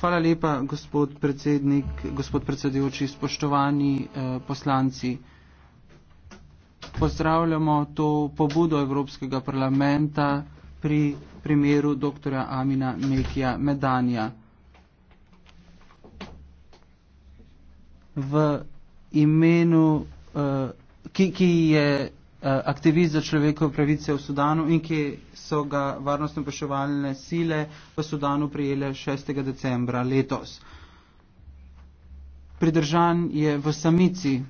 Hvala lepa, gospod predsednik, gospod predsedujoči, spoštovani eh, poslanci. Pozdravljamo to pobudo Evropskega parlamenta pri primeru dr. Amina Mekija Medanja. V imenu, eh, ki, ki je Eh, aktivist za človekove pravice v Sudanu in ki so ga varnostno preševalne sile v Sudanu prijele 6. decembra letos. Pridržan je v samici,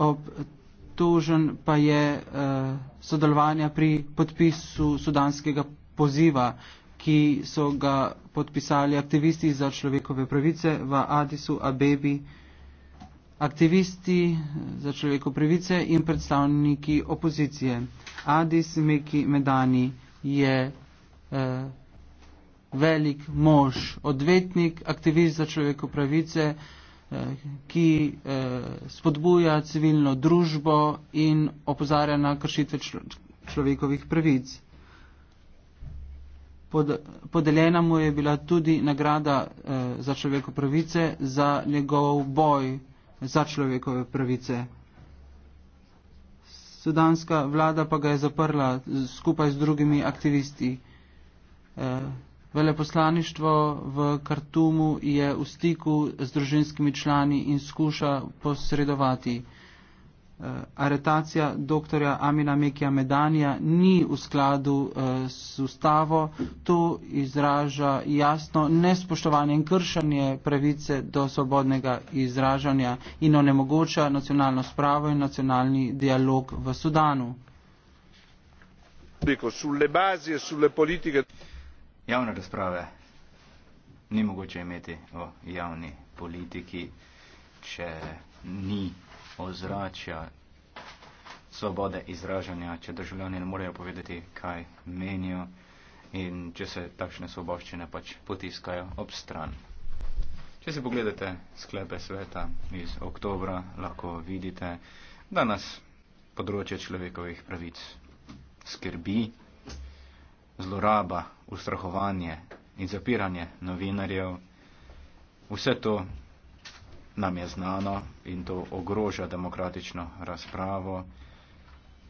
obtožen pa je eh, sodelovanja pri podpisu sudanskega poziva, ki so ga podpisali aktivisti za človekove pravice v Adisu Abebi aktivisti za človeko pravice in predstavniki opozicije. Adis Meki Medani je eh, velik mož, odvetnik, aktivist za človeko pravice, eh, ki eh, spodbuja civilno družbo in opozarja na kršitve člo človekovih pravic. Pod, podeljena mu je bila tudi nagrada eh, za človeko pravice za njegov boj za človekove pravice. Sudanska vlada pa ga je zaprla skupaj z drugimi aktivisti. Eh, veleposlaništvo v Kartumu je v stiku z družinskimi člani in skuša posredovati. Eh, aretacija dr. Amina Mekija Medanija ni v skladu s eh, ustavo. To izraža jasno nespoštovanje in kršanje pravice do svobodnega izražanja in onemogoča nacionalno spravo in nacionalni dialog v Sudanu. E Javne razprave ni mogoče imeti o javni politiki, če ni ozračja svobode izražanja, če državljani ne morejo povedati, kaj menijo in če se takšne svoboščine pač potiskajo ob stran. Če si pogledate sklepe sveta iz oktobra, lahko vidite, da nas področje človekovih pravic skrbi, zloraba, ustrahovanje in zapiranje novinarjev. Vse to nam je znano in to ogroža demokratično razpravo.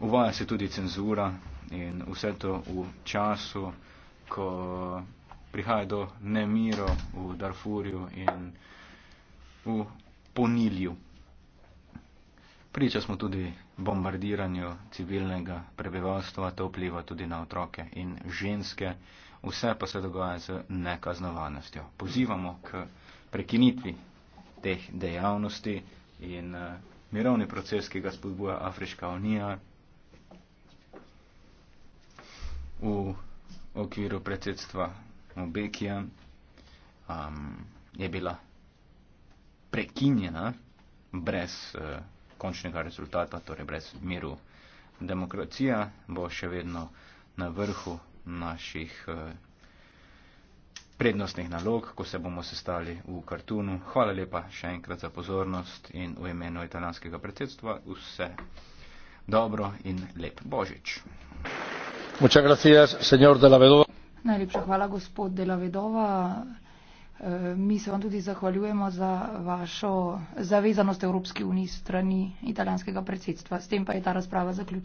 Uvaja se tudi cenzura in vse to v času, ko prihaja do nemiro v Darfurju in v ponilju. Priča smo tudi bombardiranju civilnega prebivalstva, to vpliva tudi na otroke in ženske, vse pa se dogaja z nekaznovanostjo. Pozivamo k prekinitvi teh dejavnosti in uh, mirovni proces, ki ga spodbuja Afriška unija v okviru predsedstva Mobekija, um, ehm, je bila prekinjena brez uh, končnega rezultata, torej brez miru. Demokracija bo še vedno na vrhu naših. Uh, prednostnih nalog, ko se bomo sestali v kartunu. Hvala lepa še enkrat za pozornost in v imenu italijanskega predsedstva vse dobro in lep božič. Najlepša hvala, gospod Delavedova. Eh, mi se vam tudi zahvaljujemo za vašo zavezanost Evropski uniji strani italijanskega predsedstva. S tem pa je ta razprava zaključena.